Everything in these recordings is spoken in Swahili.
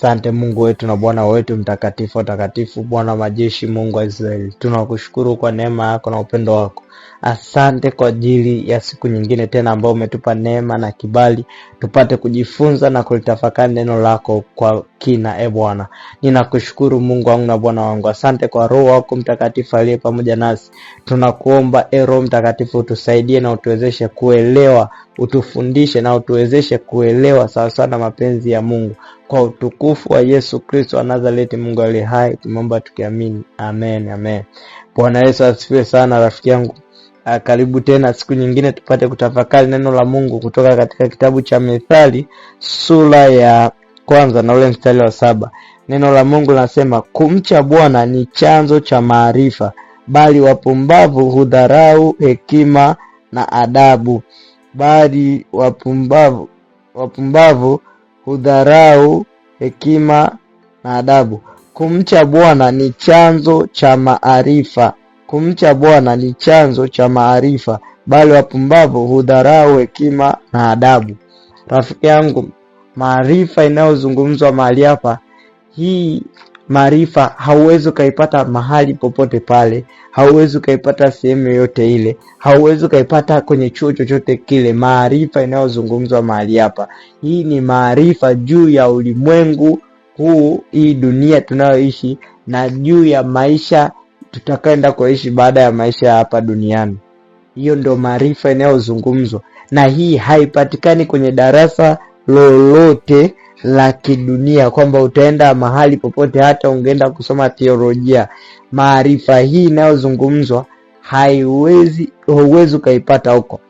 Sante Mungu wetu na Bwana wetu mtakatifu takatifu, Bwana wa majeshi, Mungu wa Israeli, tunakushukuru kwa neema yako na upendo wako. Asante kwa ajili ya siku nyingine tena ambayo umetupa neema na kibali tupate kujifunza na kulitafakari neno lako kwa kina. E Bwana, ninakushukuru Mungu wangu na Bwana wangu, asante kwa Roho wako Mtakatifu aliye pamoja nasi. Tunakuomba e Roho Mtakatifu, utusaidie na utuwezeshe kuelewa, utufundishe na utuwezeshe kuelewa sawasawa na mapenzi ya Mungu. Kwa utukufu wa Yesu Kristo wa Nazareti, Mungu ali hai, tumeomba tukiamini, amen, amen. Bwana Yesu asifiwe sana rafiki yangu. Ah, karibu tena siku nyingine tupate kutafakari neno la Mungu kutoka katika kitabu cha Methali sura ya kwanza na ule mstari wa saba. Neno la Mungu linasema kumcha Bwana ni chanzo cha maarifa, bali wapumbavu hudharau hekima na adabu, bali wapumbavu wapumbavu hudharau hekima na adabu. Kumcha Bwana ni chanzo cha maarifa, kumcha Bwana ni chanzo cha maarifa, bali wapumbavu hudharau hekima na adabu. Rafiki yangu, maarifa inayozungumzwa mahali hapa hii Maarifa hauwezi ukaipata mahali popote pale, hauwezi ukaipata sehemu yoyote ile, hauwezi ukaipata kwenye chuo chochote kile. Maarifa inayozungumzwa mahali hapa, hii ni maarifa juu ya ulimwengu huu, hii dunia tunayoishi, na juu ya maisha tutakaenda kuishi baada ya maisha ya hapa duniani. Hiyo ndio maarifa inayozungumzwa, na hii haipatikani kwenye darasa lolote la kidunia kwamba utaenda mahali popote, hata ungeenda kusoma theolojia, maarifa hii inayozungumzwa haiwezi, huwezi ukaipata huko,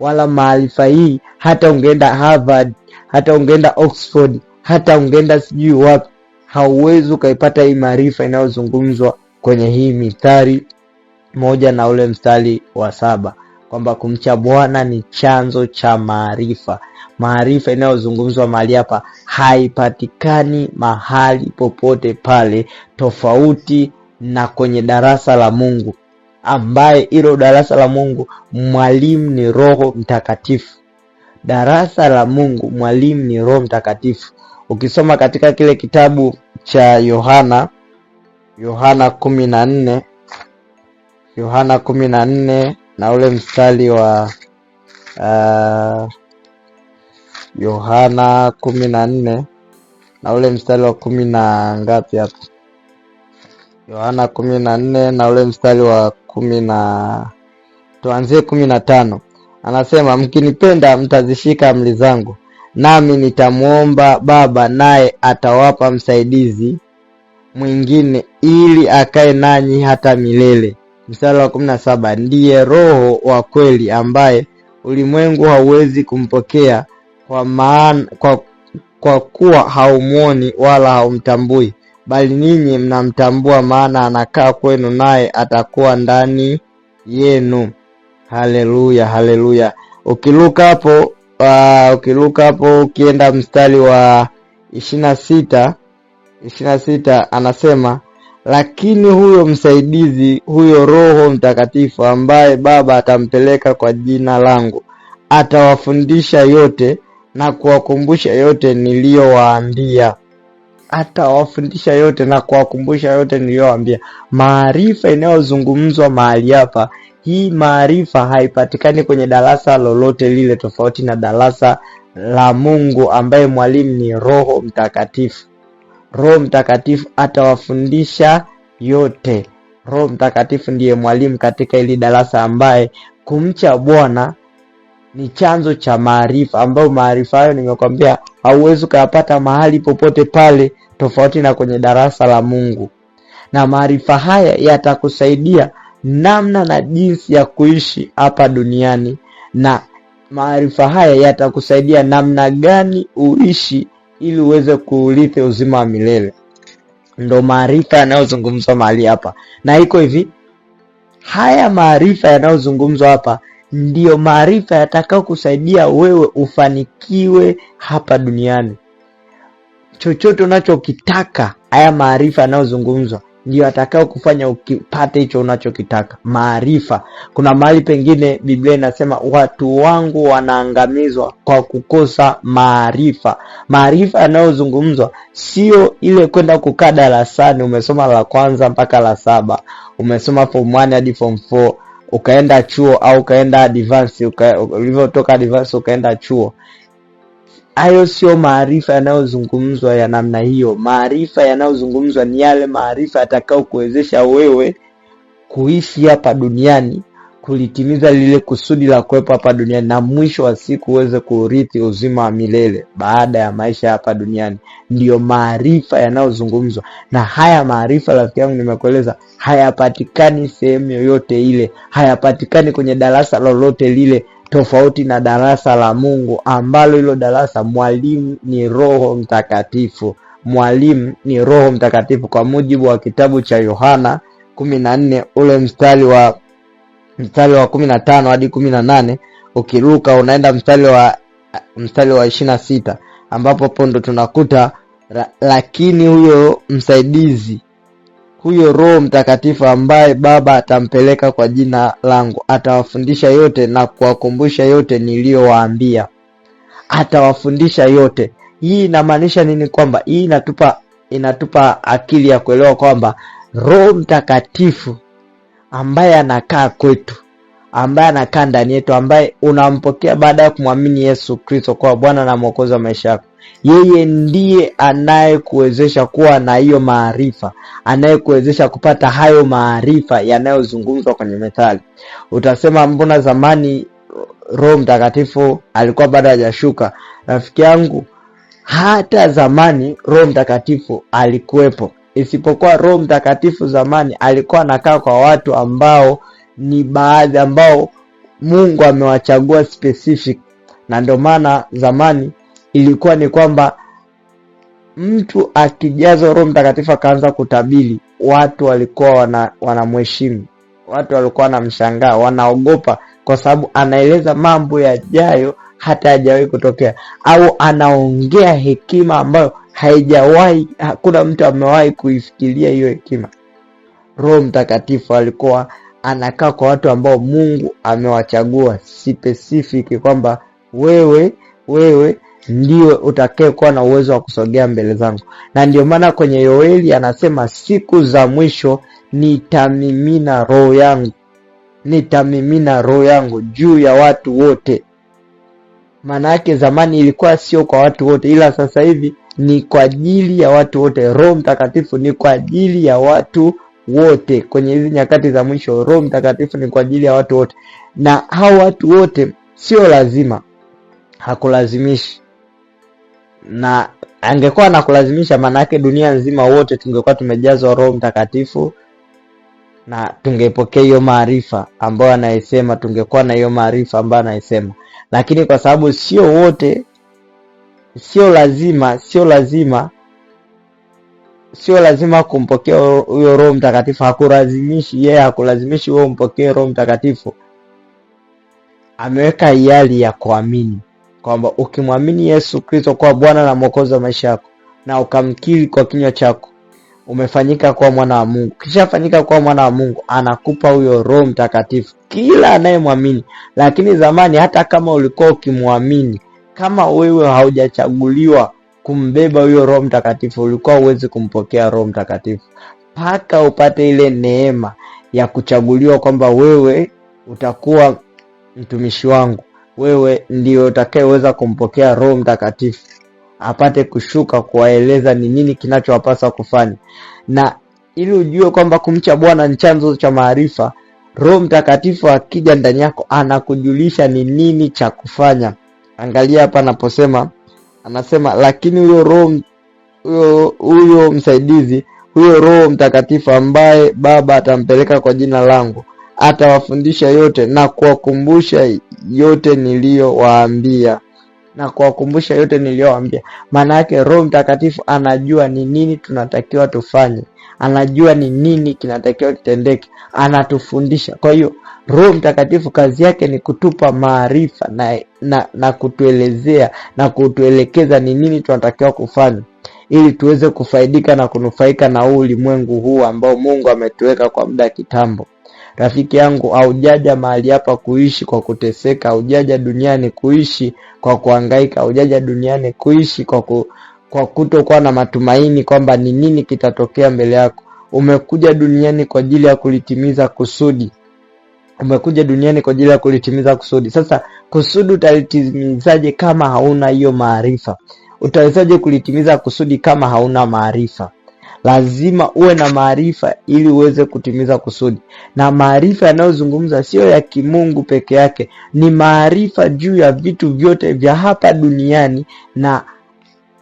wala maarifa hii hata ungeenda Harvard, hata ungeenda Oxford, hata ungeenda sijui wapi, hauwezi ukaipata hii maarifa inayozungumzwa kwenye hii mistari moja na ule mstari wa saba kwamba kumcha Bwana ni chanzo cha maarifa maarifa inayozungumzwa mahali hapa haipatikani mahali popote pale tofauti na kwenye darasa la Mungu ambaye hilo darasa la Mungu mwalimu ni Roho Mtakatifu. Darasa la Mungu mwalimu ni Roho Mtakatifu. Ukisoma katika kile kitabu cha Yohana Yohana kumi na nne Yohana kumi na nne na ule mstari wa uh, Yohana kumi na nne na ule mstari wa kumi na ngapi hapo? Yohana kumi na nne na ule mstari wa kumi na tuanzie kumi na tano anasema mkinipenda, mtazishika amri zangu, nami nitamwomba Baba, naye atawapa msaidizi mwingine, ili akae nanyi hata milele. Mstari wa kumi na saba ndiye Roho wa kweli, ambaye ulimwengu hauwezi kumpokea kwa, kwa kuwa haumuoni wala haumtambui bali ninyi mnamtambua, maana anakaa kwenu, naye atakuwa ndani yenu. Haleluya, haleluya! ukiluka hapo uh, ukiluka hapo ukienda mstari wa ishirina sita ishirina sita anasema lakini huyo msaidizi, huyo Roho Mtakatifu ambaye Baba atampeleka kwa jina langu, atawafundisha yote na kuwakumbusha yote niliyowaambia. Atawafundisha yote na kuwakumbusha yote niliyowaambia. Maarifa inayozungumzwa mahali hapa, hii maarifa haipatikani kwenye darasa lolote lile, tofauti na darasa la Mungu ambaye mwalimu ni Roho Mtakatifu. Roho Mtakatifu atawafundisha yote. Roho Mtakatifu ndiye mwalimu katika hili darasa ambaye kumcha Bwana ni chanzo cha maarifa, ambayo maarifa hayo nimekwambia hauwezi ukayapata mahali popote pale, tofauti na kwenye darasa la Mungu. Na maarifa haya yatakusaidia namna na jinsi ya kuishi hapa duniani, na maarifa haya yatakusaidia namna gani uishi ili uweze kuulithi uzima wa milele. Ndo maarifa yanayozungumzwa mahali hapa, na iko hivi, haya maarifa yanayozungumzwa hapa ndiyo maarifa yatakao kusaidia wewe ufanikiwe hapa duniani. Chochote unachokitaka haya maarifa yanayozungumzwa ndio atakao kufanya ukipate hicho unachokitaka. Maarifa. Kuna mahali pengine Biblia inasema watu wangu wanaangamizwa kwa kukosa maarifa. Maarifa yanayozungumzwa sio ile kwenda kukaa darasani, umesoma la kwanza mpaka la saba, umesoma form 1 hadi form 4, ukaenda chuo au ukaenda advance uka, ulivyotoka advance ukaenda chuo. Hayo sio maarifa yanayozungumzwa ya namna hiyo. Maarifa yanayozungumzwa ni yale maarifa kuwezesha wewe kuishi hapa duniani kulitimiza lile kusudi la kuwepo hapa duniani na mwisho wa siku uweze kurithi uzima wa milele baada ya maisha hapa duniani. Ndiyo maarifa yanayozungumzwa, na haya maarifa, rafiki yangu, nimekueleza hayapatikani sehemu yoyote ile, hayapatikani kwenye darasa lolote lile tofauti na darasa la Mungu ambalo hilo darasa mwalimu ni Roho Mtakatifu. Mwalimu ni Roho Mtakatifu, kwa mujibu wa kitabu cha Yohana kumi na nne ule mstari wa mstari wa kumi na tano hadi kumi na nane ukiruka unaenda mstari wa mstari wa ishirini na sita ambapo hapo ndo tunakuta lakini huyo msaidizi huyo Roho Mtakatifu ambaye Baba atampeleka kwa jina langu atawafundisha yote na kuwakumbusha yote niliyowaambia. Atawafundisha yote. Hii inamaanisha nini? Kwamba hii inatupa inatupa akili ya kuelewa kwamba Roho Mtakatifu ambaye anakaa kwetu, ambaye anakaa ndani yetu, ambaye unampokea baada ya kumwamini Yesu Kristo kwa Bwana na Mwokozi wa maisha yako. Yeye ndiye anayekuwezesha kuwa na hiyo maarifa, anayekuwezesha kupata hayo maarifa yanayozungumzwa kwenye Methali. Utasema mbona zamani Roho Mtakatifu alikuwa bado hajashuka? Rafiki yangu, hata zamani Roho Mtakatifu alikuwepo, isipokuwa Roho Mtakatifu zamani alikuwa anakaa kwa watu ambao ni baadhi ambao Mungu amewachagua specific, na ndio maana zamani ilikuwa ni kwamba mtu akijazwa Roho Mtakatifu akaanza kutabiri, watu walikuwa wana wanamheshimu, watu walikuwa wanamshangaa, wanaogopa, kwa sababu anaeleza mambo yajayo hata hajawahi kutokea, au anaongea hekima ambayo haijawahi, hakuna mtu amewahi kuifikiria hiyo hekima. Roho Mtakatifu alikuwa anakaa kwa watu ambao Mungu amewachagua specific, kwamba wewe wewe ndio utakaye kuwa na uwezo wa kusogea mbele zangu. Na ndio maana kwenye Yoeli anasema siku za mwisho nitamimina roho yangu, nitamimina roho yangu juu ya watu wote. Maana yake zamani ilikuwa sio kwa watu wote, ila sasa hivi ni kwa ajili ya watu wote. Roho Mtakatifu ni kwa ajili ya watu wote kwenye hizi nyakati za mwisho. Roho Mtakatifu ni kwa ajili ya watu wote, na hao watu wote sio lazima, hakulazimishi. Na angekuwa anakulazimisha, maana yake dunia nzima wote tungekuwa tumejazwa Roho Mtakatifu na tungepokea hiyo maarifa ambayo anaisema, tungekuwa na hiyo maarifa ambayo anaisema, lakini kwa sababu sio wote sio lazima sio lazima sio lazima kumpokea huyo Roho Mtakatifu, hakulazimishi yeye, yeah, hakulazimishi wewe umpokee Roho Mtakatifu. Ameweka hiari ya kuamini kwamba ukimwamini Yesu Kristo kuwa Bwana na Mwokozi wa maisha yako na ukamkiri kwa kinywa chako umefanyika kuwa mwana wa Mungu. Kishafanyika kuwa mwana wa Mungu, anakupa huyo Roho Mtakatifu kila anayemwamini. Lakini zamani hata kama ulikuwa ukimwamini kama wewe haujachaguliwa kumbeba huyo Roho Mtakatifu, ulikuwa uwezi kumpokea Roho Mtakatifu mpaka upate ile neema ya kuchaguliwa kwamba wewe utakuwa mtumishi wangu, wewe ndio utakayeweza kumpokea Roho Mtakatifu apate kushuka kuwaeleza ni nini kinachowapasa kufanya, na ili ujue kwamba kumcha Bwana ni chanzo cha maarifa. Roho Mtakatifu akija ndani yako anakujulisha ni nini cha kufanya angalia hapa anaposema, anasema lakini huyo roho huyo huyo msaidizi huyo Roho Mtakatifu ambaye Baba atampeleka kwa jina langu atawafundisha yote na kuwakumbusha yote niliyowaambia na kuwakumbusha yote niliyowaambia. Maana yake Roho Mtakatifu anajua ni nini tunatakiwa tufanye anajua ni nini kinatakiwa kitendeke, anatufundisha. Kwa hiyo Roho Mtakatifu kazi yake ni kutupa maarifa na, na, na kutuelezea na kutuelekeza ni nini tunatakiwa kufanya ili tuweze kufaidika na kunufaika na huu ulimwengu huu ambao Mungu ametuweka kwa muda kitambo. Rafiki yangu, aujaja mahali hapa kuishi kwa kuteseka, aujaja duniani kuishi kwa kuangaika aujaja duniani kuishi kwa, ku, kwa kutokuwa na matumaini kwamba ni nini kitatokea mbele yako. Umekuja duniani kwa ajili ya kulitimiza kusudi. Umekuja duniani kwa ajili ya kulitimiza kusudi. Sasa kusudi utalitimizaje kama hauna hiyo maarifa? Utawezaje kulitimiza kusudi kama hauna maarifa? Lazima uwe na maarifa ili uweze kutimiza kusudi, na maarifa yanayozungumza sio ya kimungu peke yake, ni maarifa juu ya vitu vyote vya hapa duniani na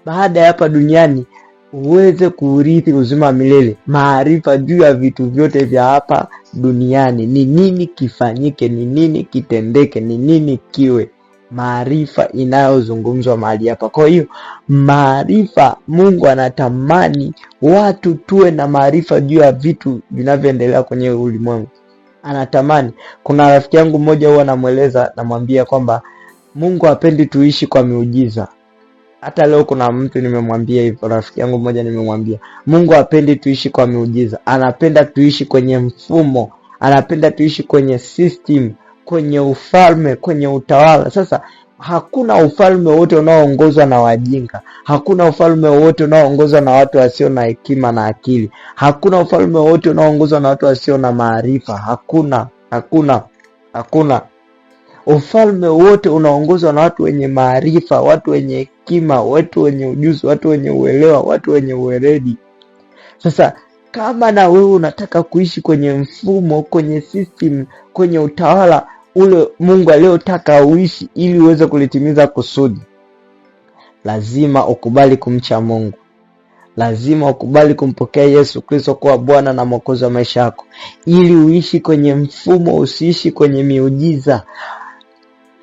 baada ya hapa duniani uweze kuurithi uzima milele, maarifa juu ya vitu vyote vya hapa duniani, ni nini kifanyike, ni nini kitendeke, ni nini kiwe, maarifa inayozungumzwa mahali hapa. Kwa hiyo maarifa, Mungu anatamani watu tuwe na maarifa juu ya vitu vinavyoendelea kwenye ulimwengu. Anatamani, kuna rafiki yangu mmoja huwa namweleza, namwambia kwamba Mungu hapendi tuishi kwa miujiza hata leo kuna mtu nimemwambia hivyo, rafiki yangu mmoja nimemwambia, Mungu hapendi tuishi kwa miujiza, anapenda tuishi kwenye mfumo, anapenda tuishi kwenye system, kwenye ufalme, kwenye utawala. Sasa hakuna ufalme wote unaoongozwa na wajinga, hakuna ufalme wote unaoongozwa na watu wasio na hekima na akili, hakuna ufalme wote unaoongozwa na watu wasio na maarifa. Hakuna, hakuna, hakuna. Ufalme wote unaongozwa na watu wenye maarifa, watu wenye hekima, watu wenye ujuzi, watu wenye uelewa, watu wenye uweledi. Sasa kama na wewe unataka kuishi kwenye mfumo, kwenye system, kwenye utawala ule Mungu aliyotaka uishi ili uweze kulitimiza kusudi, lazima ukubali kumcha Mungu. Lazima ukubali kumpokea Yesu Kristo kuwa Bwana na Mwokozi wa maisha yako, ili uishi kwenye mfumo, usiishi kwenye miujiza.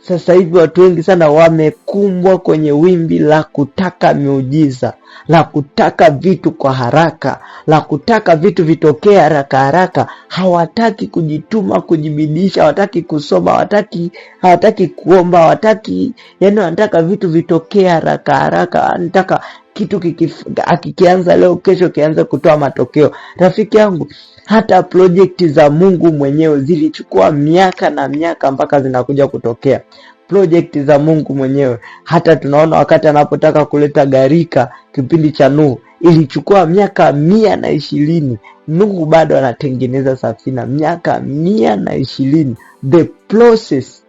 Sasa hivi watu wengi sana wamekumbwa kwenye wimbi la kutaka miujiza, la kutaka vitu kwa haraka, la kutaka vitu vitokee haraka haraka. Hawataki kujituma, kujibidisha, hawataki kusoma, hawataki hawataki kuomba, hawataki, yani wanataka vitu vitokee haraka haraka, anataka kitu kikianza akikianza leo, kesho kianza kutoa matokeo. Rafiki yangu, hata projekti za Mungu mwenyewe zilichukua miaka na miaka mpaka zinakuja kutokea projekti za Mungu mwenyewe. Hata tunaona wakati anapotaka kuleta garika kipindi cha Nuhu ilichukua miaka mia na ishirini. Nuhu bado anatengeneza safina, miaka mia na ishirini. The process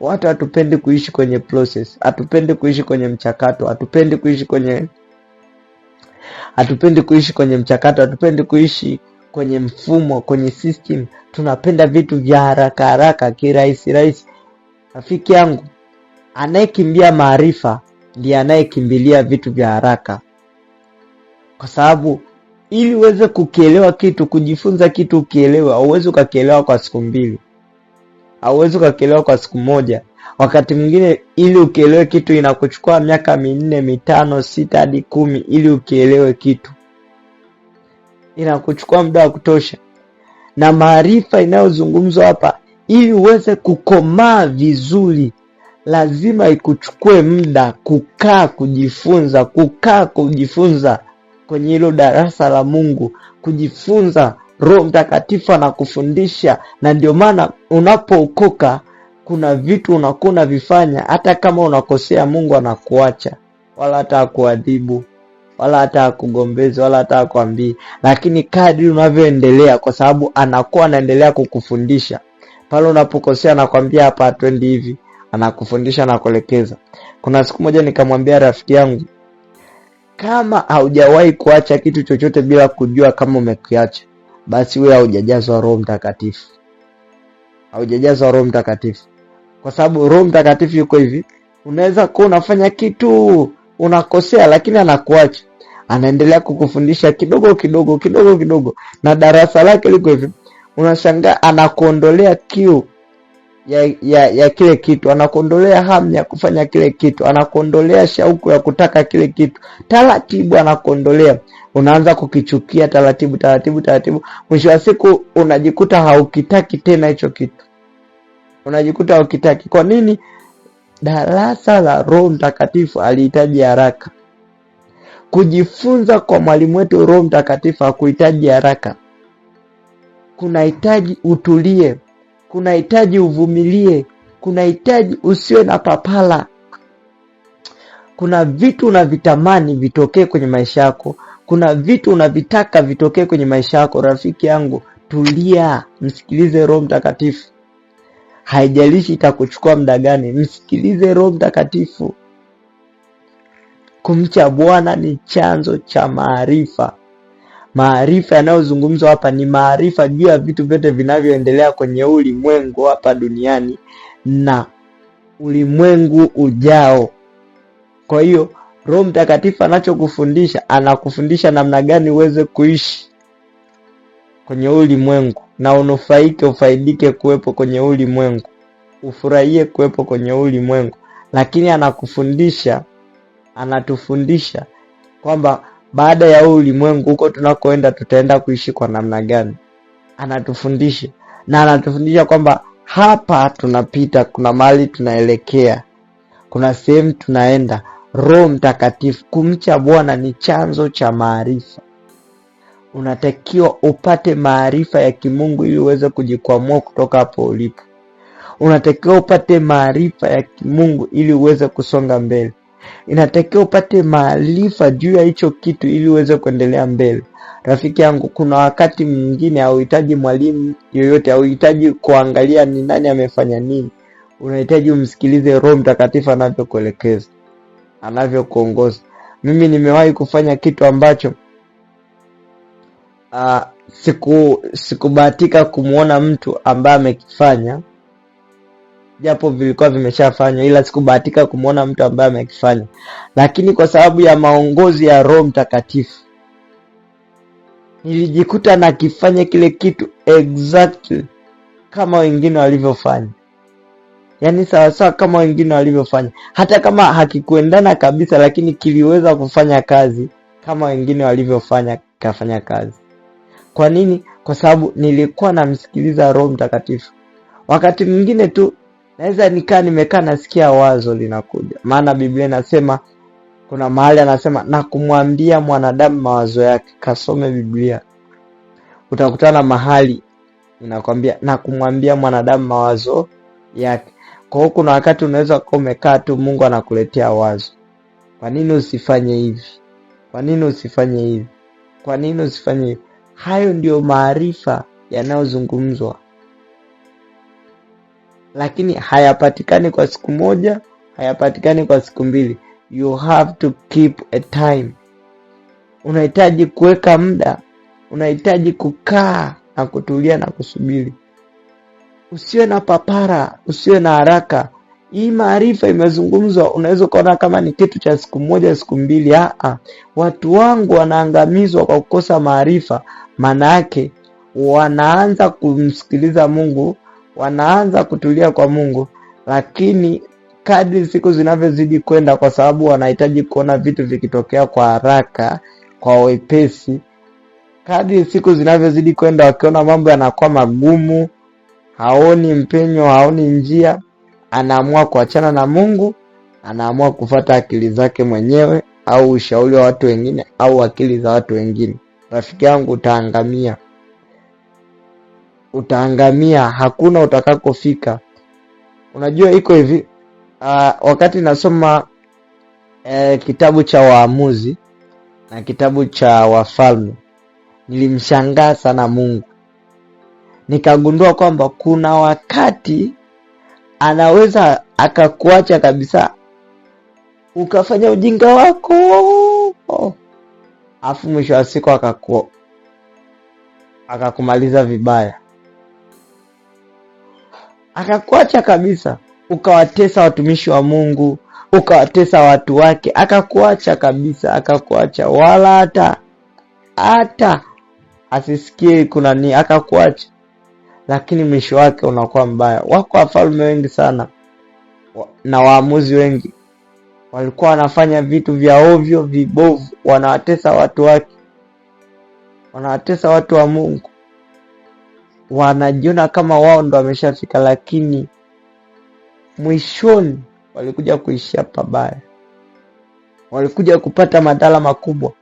Watu hatupendi kuishi kwenye process, hatupendi kuishi kwenye mchakato, hatupendi kuishi kwenye hatupendi kuishi kwenye mchakato, hatupendi kuishi kwenye mfumo, kwenye system. Tunapenda vitu vya haraka haraka, kirahisi rahisi. Rafiki yangu, anayekimbia maarifa ndiye anayekimbilia vitu vya haraka, kwa sababu ili uweze kukielewa kitu, kujifunza kitu ukielewe, auwezi ukakielewa kwa siku mbili hauwezi ukakielewa kwa siku moja. Wakati mwingine ili ukielewe kitu inakuchukua miaka minne, mitano, sita hadi kumi ili ukielewe kitu, inakuchukua muda wa kutosha. Na maarifa inayozungumzwa hapa, ili uweze kukomaa vizuri, lazima ikuchukue muda kukaa kujifunza, kukaa kujifunza kwenye hilo darasa la Mungu, kujifunza Roho Mtakatifu anakufundisha, na ndio maana unapookoka kuna vitu unakuwa unavifanya, hata kama unakosea, Mungu anakuacha, wala hata akuadhibu wala hata akugombezi wala hata akwambii, lakini kadri unavyoendelea, kwa sababu anakuwa anaendelea kukufundisha pale unapokosea, anakwambia hapa, atwendi hivi, anakufundisha anakuelekeza. Kuna siku moja nikamwambia rafiki yangu, kama haujawahi kuacha kitu chochote bila kujua kama umekiacha, basi wewe haujajazwa Roho Mtakatifu, haujajazwa Roho Mtakatifu, kwa sababu Roho Mtakatifu yuko hivi, unaweza kuwa unafanya kitu unakosea, lakini anakuacha anaendelea kukufundisha kidogo kidogo kidogo kidogo, na darasa lake liko hivi, unashangaa anakuondolea kiu ya, ya, ya kile kitu, anakuondolea hamu ya kufanya kile kitu, anakuondolea shauku ya kutaka kile kitu, taratibu anakuondolea, unaanza kukichukia taratibu taratibu taratibu, mwisho wa siku unajikuta haukitaki tena hicho kitu, unajikuta haukitaki. Kwa nini? Darasa la Roho Mtakatifu alihitaji haraka kujifunza kwa mwalimu wetu Roho Mtakatifu hakuhitaji haraka, kunahitaji utulie kunahitaji uvumilie, kunahitaji usiwe na papala. Kuna vitu unavitamani vitokee kwenye maisha yako, kuna vitu unavitaka vitokee kwenye maisha yako. Rafiki yangu, tulia, msikilize Roho Mtakatifu. Haijalishi itakuchukua muda gani, msikilize Roho Mtakatifu. Kumcha Bwana ni chanzo cha maarifa. Maarifa yanayozungumzwa hapa ni maarifa juu ya vitu vyote vinavyoendelea kwenye ulimwengu hapa duniani na ulimwengu ujao. Kwa hiyo Roho Mtakatifu anachokufundisha, anakufundisha namna gani uweze kuishi kwenye ulimwengu na unufaike, ufaidike kuwepo kwenye ulimwengu, ufurahie kuwepo kwenye ulimwengu, lakini anakufundisha, anatufundisha kwamba baada ya huu ulimwengu, huko tunakoenda tutaenda kuishi kwa namna gani? Anatufundisha na anatufundisha kwamba hapa tunapita, kuna mahali tunaelekea, kuna sehemu tunaenda. Roho Mtakatifu, kumcha Bwana ni chanzo cha maarifa. Unatakiwa upate maarifa ya kimungu ili uweze kujikwamua kutoka hapo ulipo. Unatakiwa upate maarifa ya kimungu ili uweze kusonga mbele inatakiwa upate maarifa juu ya hicho kitu ili uweze kuendelea mbele. Rafiki yangu, kuna wakati mwingine hauhitaji mwalimu yoyote, hauhitaji kuangalia ni nani amefanya nini, unahitaji umsikilize Roho Mtakatifu anavyokuelekeza, anavyokuongoza. Mimi nimewahi kufanya kitu ambacho uh, siku sikubahatika kumwona mtu ambaye amekifanya japo vilikuwa vimeshafanywa, ila sikubahatika kumwona mtu ambaye amekifanya, lakini kwa sababu ya maongozi ya Roho Mtakatifu nilijikuta nakifanya kile kitu exactly kama wengine walivyofanya, yaani sawasawa kama wengine walivyofanya, hata kama hakikuendana kabisa, lakini kiliweza kufanya kazi kama wengine walivyofanya, kafanya kazi. Kwa nini? Kwa sababu nilikuwa namsikiliza Roho Mtakatifu. Wakati mwingine tu naweza nikaa nimekaa nasikia wazo linakuja, maana Biblia inasema kuna mahali anasema na kumwambia mwanadamu mawazo yake. Kasome Biblia, utakutana mahali inakwambia na kumwambia mwanadamu mawazo yake. kwahio kuna wakati unaweza kuwa umekaa tu, Mungu anakuletea wazo, kwa nini usifanye hivi? Kwa nini usifanye hivi? Kwa nini usifanye hivi? Hayo ndiyo maarifa yanayozungumzwa lakini hayapatikani kwa siku moja, hayapatikani kwa siku mbili. You have to keep a time. Unahitaji kuweka muda, unahitaji kukaa na kutulia na kusubiri. Usiwe na papara, usiwe na haraka. Hii maarifa imezungumzwa, unaweza ukaona kama ni kitu cha siku moja, siku mbili. Aa, watu wangu wanaangamizwa kwa kukosa maarifa. Maana yake wanaanza kumsikiliza Mungu wanaanza kutulia kwa Mungu, lakini kadri siku zinavyozidi kwenda, kwa sababu wanahitaji kuona vitu vikitokea kwa haraka, kwa wepesi. Kadri siku zinavyozidi kwenda, wakiona mambo yanakuwa magumu, haoni mpenyo, haoni njia, anaamua kuachana na Mungu, anaamua kufata akili zake mwenyewe au ushauri wa watu wengine au akili za watu wengine. Rafiki yangu, utaangamia utaangamia, hakuna utakakofika. Unajua iko hivi uh, wakati nasoma eh, kitabu cha Waamuzi na kitabu cha Wafalme nilimshangaa sana Mungu, nikagundua kwamba kuna wakati anaweza akakuacha kabisa ukafanya ujinga wako afu mwisho wa siku akaku akakumaliza vibaya akakuacha kabisa, ukawatesa watumishi wa Mungu, ukawatesa watu wake, akakuacha kabisa, akakuacha wala hata hata asisikie kuna nini, akakuacha. Lakini mwisho wake unakuwa mbaya. Wako wafalme wengi sana na waamuzi wengi walikuwa wanafanya vitu vya ovyo vibovu, wanawatesa watu wake, wanawatesa watu wa Mungu wanajiona kama wao ndo wameshafika, lakini mwishoni walikuja kuishia pabaya, walikuja kupata madhara makubwa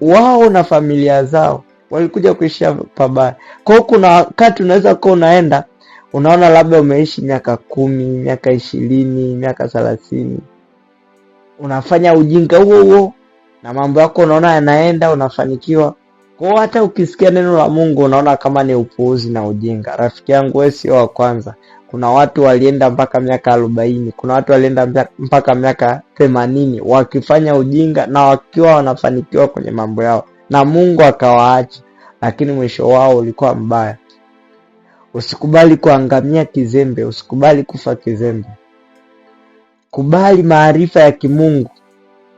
wao na familia zao walikuja kuishia pabaya. Kwa hiyo kuna wakati unaweza kuwa unaenda unaona labda umeishi miaka kumi, miaka ishirini, miaka thelathini, unafanya ujinga huo huo na mambo yako unaona yanaenda, unafanikiwa, kwa hata ukisikia neno la Mungu unaona kama ni upuuzi na ujinga. Rafiki yangu, wewe sio wa kwanza. Kuna watu walienda mpaka miaka arobaini, kuna watu walienda mpaka miaka themanini wakifanya ujinga na wakiwa wanafanikiwa kwenye mambo yao, na Mungu akawaacha, lakini mwisho wao ulikuwa mbaya. Usikubali kuangamia kizembe, usikubali kufa kizembe. Kubali maarifa ya kimungu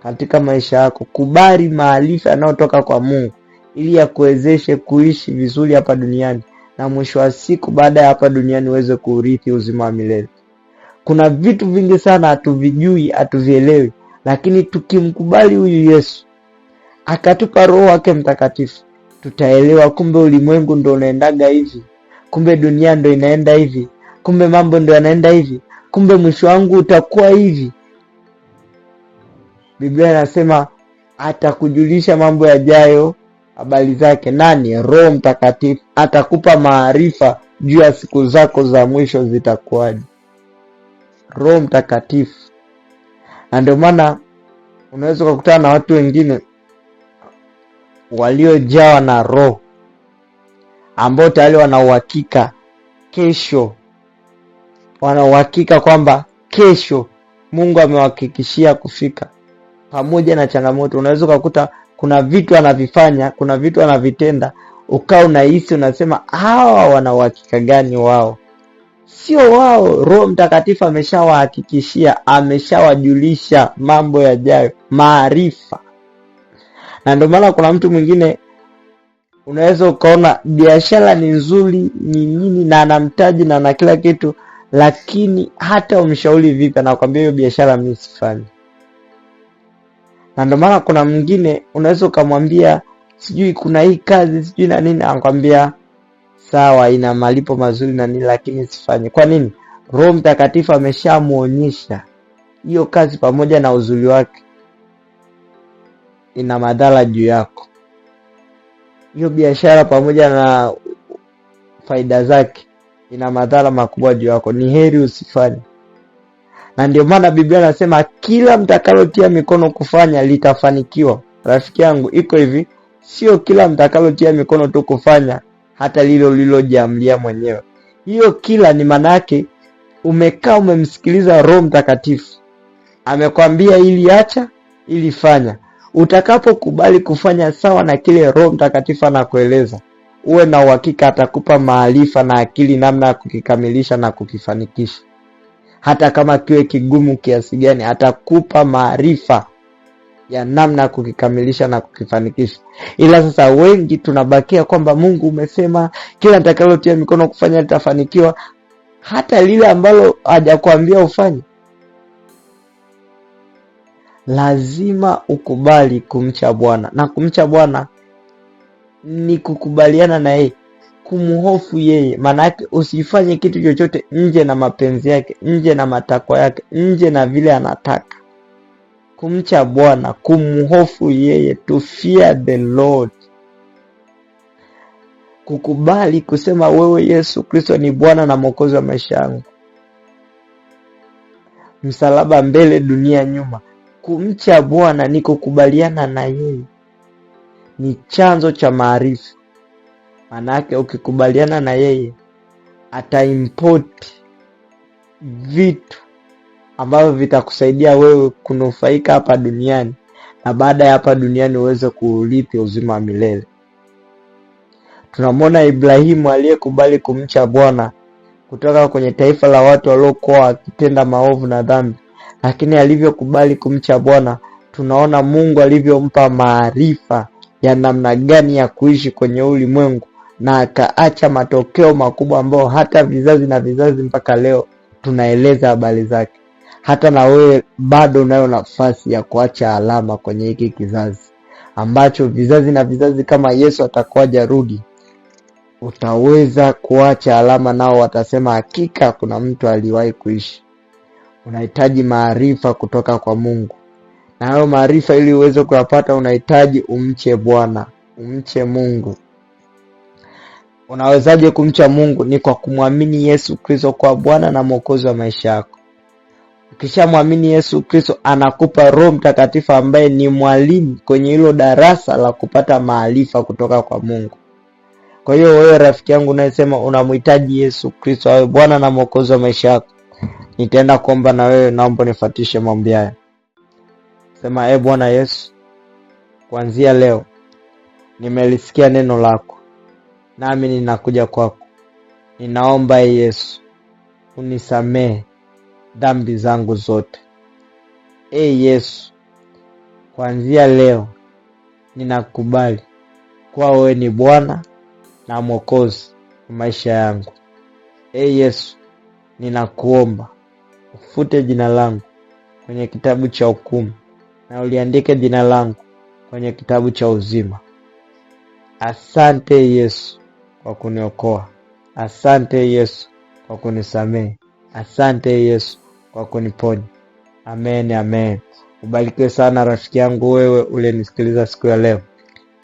katika maisha yako, kubali maarifa yanayotoka kwa Mungu ili yakuwezeshe kuishi vizuri hapa duniani na mwisho wa siku baada ya hapa duniani uweze kuurithi uzima wa milele. Kuna vitu vingi sana hatuvijui, hatuvielewi, lakini tukimkubali huyu Yesu akatupa Roho wake Mtakatifu tutaelewa, kumbe ulimwengu ndo unaendaga hivi, kumbe dunia ndo inaenda hivi, kumbe mambo ndo yanaenda hivi, kumbe mwisho wangu utakuwa hivi. Biblia inasema atakujulisha mambo yajayo habari zake. Nani? Roho Mtakatifu atakupa maarifa juu ya siku zako za mwisho zitakuwaje. Roho Mtakatifu. Na ndio maana unaweza ukakutana na watu wengine waliojawa na roho ambao tayari wana uhakika kesho, wana uhakika kwamba kesho Mungu amewahakikishia kufika, pamoja na changamoto. Unaweza ukakuta kuna vitu anavifanya, kuna vitu anavitenda, ukaa unahisi unasema, hawa wana uhakika gani wao? Sio wao. Roho Mtakatifu ameshawahakikishia, ameshawajulisha mambo yajayo, maarifa. Na ndio maana kuna mtu mwingine unaweza ukaona biashara ni nzuri, ni nini, na ana mtaji na ana kila kitu, lakini hata umshauri vipi, anakwambia hiyo biashara mimi sifanyi na ndio maana kuna mwingine unaweza ukamwambia sijui kuna hii kazi sijui na nini, anakwambia sawa, ina malipo mazuri na nini, lakini sifanye. Kwa nini? Roho Mtakatifu ameshamuonyesha hiyo kazi pamoja na uzuri wake ina madhara juu yako, hiyo biashara pamoja na faida zake ina madhara makubwa juu yako, ni heri usifanye na ndio maana Biblia nasema kila mtakalotia mikono kufanya litafanikiwa. Rafiki yangu, iko hivi, sio kila mtakalotia mikono tu kufanya, hata lilo lilojamlia mwenyewe. Hiyo kila ni maana yake umekaa umemsikiliza Roho Mtakatifu, amekwambia ili acha, ili fanya. Utakapokubali kufanya sawa na kile Roho Mtakatifu anakueleza, uwe na uhakika atakupa maarifa na akili namna ya kukikamilisha na kukifanikisha hata kama kiwe kigumu kiasi gani, atakupa maarifa ya namna ya kukikamilisha na kukifanikisha. Ila sasa wengi tunabakia kwamba Mungu umesema kila nitakalotia mikono kufanya litafanikiwa, hata lile ambalo hajakuambia ufanye. Lazima ukubali kumcha Bwana, na kumcha Bwana ni kukubaliana na yeye kumhofu yeye. Maana yake usifanye kitu chochote nje na mapenzi yake, nje na matakwa yake, nje na vile anataka. Kumcha Bwana, kumhofu yeye, to fear the Lord, kukubali kusema wewe Yesu Kristo ni Bwana na Mwokozi wa maisha yangu, msalaba mbele, dunia nyuma. Kumcha Bwana ni kukubaliana na yeye, ni chanzo cha maarifa Maanake ukikubaliana na yeye ataimpoti vitu ambavyo vitakusaidia wewe kunufaika hapa duniani na baada ya hapa duniani uweze kuurithi uzima wa milele. Tunamwona Ibrahimu aliyekubali kumcha Bwana kutoka kwenye taifa la watu waliokuwa wakitenda maovu na dhambi, lakini alivyokubali kumcha Bwana, tunaona Mungu alivyompa maarifa ya namna gani ya kuishi kwenye ulimwengu na akaacha matokeo makubwa ambayo hata vizazi na vizazi mpaka leo tunaeleza habari zake. Hata na wewe bado unayo nafasi ya kuacha alama kwenye hiki kizazi ambacho vizazi na vizazi, kama Yesu atakuja rudi, utaweza kuacha alama, nao watasema hakika kuna mtu aliwahi kuishi. Unahitaji maarifa kutoka kwa Mungu, na hayo maarifa ili uweze kuyapata, unahitaji umche Bwana, umche Mungu. Unawezaje kumcha Mungu? Ni kwa kumwamini Yesu Kristo kwa Bwana na Mwokozi wa maisha yako. Ukishamwamini Yesu Kristo, anakupa Roho Mtakatifu ambaye ni mwalimu kwenye hilo darasa la kupata maarifa kutoka kwa Mungu. Kwa hiyo wewe rafiki yangu unayesema unamhitaji Yesu Kristo awe Bwana na Mwokozi wa maisha yako, nitaenda kuomba na wewe, naomba nifuatishe maombi haya. Sema, e Bwana Yesu, kuanzia leo nimelisikia neno lako nami ninakuja kwako. Ninaomba Yesu unisamehe dhambi zangu zote. e Yesu, kuanzia leo ninakubali kuwa wewe ni Bwana na Mwokozi wa maisha yangu. e Yesu, ninakuomba ufute jina langu kwenye kitabu cha hukumu na uliandike jina langu kwenye kitabu cha uzima. Asante Yesu kwa kuniokoa. Asante Yesu kwa kunisamehe. Asante Yesu kwa kuniponya. Amen, amen. Ubarikiwe sana rafiki yangu wewe uliyenisikiliza siku ya leo.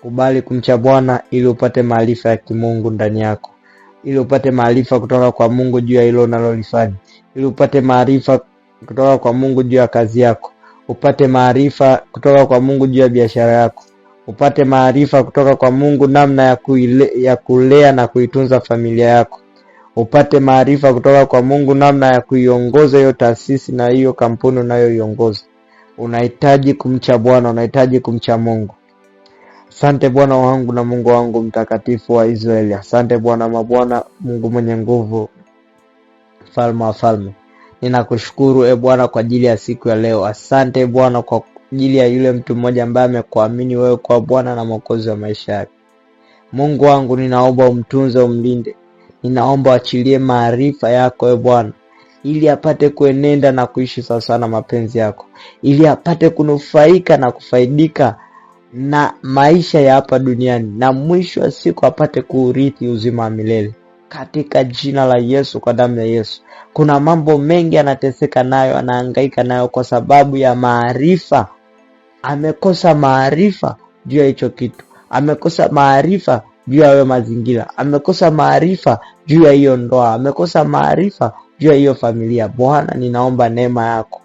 Kubali kumcha Bwana ili upate maarifa ya kimungu ndani yako, ili upate maarifa kutoka kwa Mungu juu ya hilo unalolifanya, ili upate maarifa kutoka kwa Mungu juu ya kazi yako, upate maarifa kutoka kwa Mungu juu ya biashara yako upate maarifa kutoka kwa Mungu namna ya, kuile, ya kulea na kuitunza familia yako. Upate maarifa kutoka kwa Mungu namna ya kuiongoza hiyo taasisi na hiyo kampuni unayoiongoza. Unahitaji kumcha Bwana, unahitaji kumcha Mungu. Asante Bwana wangu na Mungu wangu mtakatifu wa Israeli. Asante Bwana mabwana, Mungu mwenye nguvu, mfalme wa falme. Ninakushukuru e Bwana kwa ajili ya siku ya leo. Asante Bwana kwa ajili ya yule mtu mmoja ambaye amekuamini wewe kwa Bwana na Mwokozi wa maisha yake. Mungu wangu, ninaomba umtunze, umlinde. Ninaomba achilie maarifa yako e Bwana, ili apate kuenenda na kuishi sawasawa na mapenzi yako, ili apate kunufaika na kufaidika na maisha ya hapa duniani, na mwisho wa siku apate kuurithi uzima wa milele katika jina la Yesu, kwa damu ya Yesu. Kuna mambo mengi anateseka nayo, anahangaika nayo kwa sababu ya maarifa. Amekosa maarifa juu ya hicho kitu, amekosa maarifa juu ya hayo mazingira, amekosa maarifa juu ya hiyo ndoa, amekosa maarifa juu ya hiyo familia. Bwana, ninaomba neema yako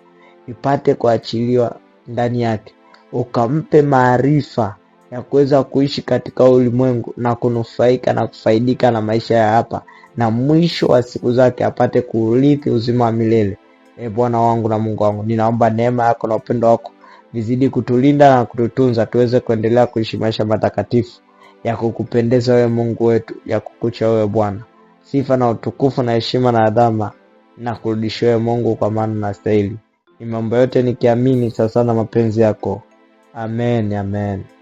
ipate kuachiliwa ndani yake, ukampe maarifa ya kuweza kuishi katika ulimwengu na kunufaika na kufaidika na maisha ya hapa na mwisho wa siku zake apate kuurithi uzima wa milele. E Bwana wangu na Mungu wangu, ninaomba neema yako na upendo wako vizidi kutulinda na kututunza, tuweze kuendelea kuishi maisha matakatifu ya kukupendeza wewe Mungu wetu, ya kukucha wewe Bwana. Sifa na utukufu na heshima na adhama na kurudisha wewe Mungu, kwa maana na stahili ni mambo yote, nikiamini sasana mapenzi yako. Amen, amen.